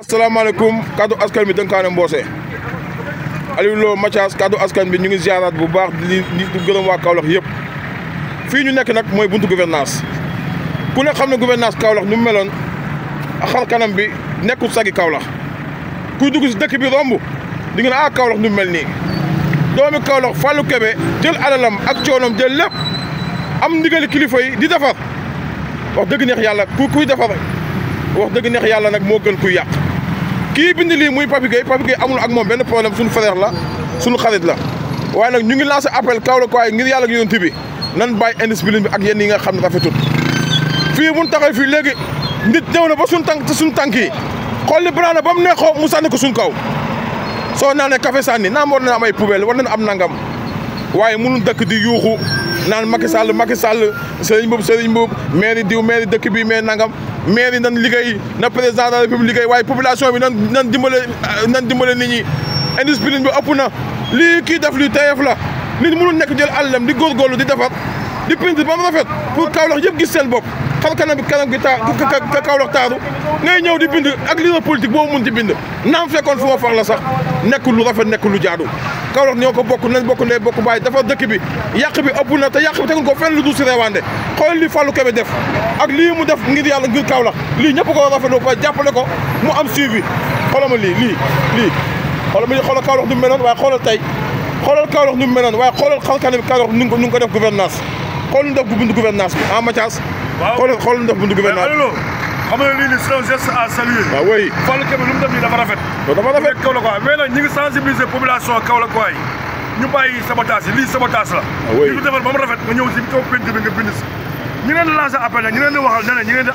السلام عليكم كادو اسكان بي دنكان امبوسي علي لو ماتياس كادو اسكان بي نيغي زيارات بو باخ دي گلم وا كاولخ ييب في ني نيك نك موي بونتو گوفرنانس كو نه خامن گوفرنانس كاولخ نو ميلون خال كانم بي نيكو ساغي كاولخ كوي دوغس دك بي رومبو دي گنا ا كاولخ نو ملني دومي كاولخ فالو كبي جيل علالم اك چونوم جيل لب ام نيگل كليفاي دي دافا واخ دك نيخ يالا كوي كوي دافا واخ دك نيخ يالا نك مو گن كوي ياك kii bind lii muy Pape Gueye Pape Gueye amul ak moom benn problème suñu frère la suñu xarit la waaye nag ñu ngi lancé appel Kaolack waaye ngir yàlla ak yonent bi nan bàyyi indiscipline bi ak yenn yi nga xam ne rafetul fii mun taxaw fii léegi nit ñëw na ba suñu tànk suñu tànk yi xool li banaana ba mu xoo mu sànni ko suñu kaw soo naa ne café sànni naam war na am ay poubelle war na am nangam waaye mënul dëkk di yuuxu naan Macky Sall Macky Sall sëriñ boobu sëriñ boobu maire diw maire dëkk bi maire nangam maire yi nan liggéey na président de la liggéey waaye population bi nan nan dimbale nan dimbale nit ñi indiscipline bi ëpp na lii kii def lii teyeef la nit mënul nekk jël àllam di góorgóorlu di defar di peinture ba mu rafet pour Kaolack yëpp gis seen bopp xar kanam bi kanam gi taa ka Kaolack taaru ngay ñëw di bind ak li politique boobu mun ci bind fekkoon fu ma far la sax nekk lu rafet nekk lu jaadu Kaolack ñoo ko bokk nañ bokk ndey bokk bàyyi dafa dëkk bi yàq bi ëpp na te yàq bi tegun ko fenn lu dul si reewande xool li Fallou Kébé def ak lii mu def ngir yàlla ngir Kaolack lii ñëpp ko rafetlu ba jàppale ko mu am suivi xoolal ma lii lii lii xoolal ma lii xoolal Kaolack du meloon waaye xoolal tey xoolal Kaolack nu mu meloon waaye xoolal xar kanam bi Kaolack nu ko nu ko def gouvernance xool nu def buntu gouvernance ah matias, waaw xool xool nu def buntu gouvernance bi ah, xam nga lii nii c'est un geste à saluer. waaw ah, oui Fallou Kébé lu mu def nii dafa rafet. dafa rafet bu Kaolack waay mais nag ñu ngi sensibiliser population Kaolack waay ñu bàyyi sabotage yi lii sabotage la. waaw ah, oui li ñu leen lancé appel nag waxal ne ne ñu leen di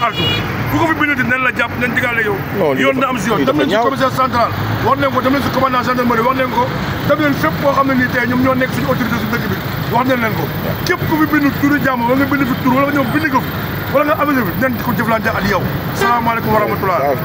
ko fi bindati nen la jàpp nañ digaale yow oh, yoon na am si yoon dem leen si commissaire central war leen ko dem leen si commandant ne nii tey ñoom ñoo nekk suñu autorité su dëkk bi wax nañ leen ko képp ku fi bindu turu jàmm wala nga bind fi tur wala nga ñëw bind ko nga avisé fi nañ ko jëflante yow salaamaaleykum wa rahmatullah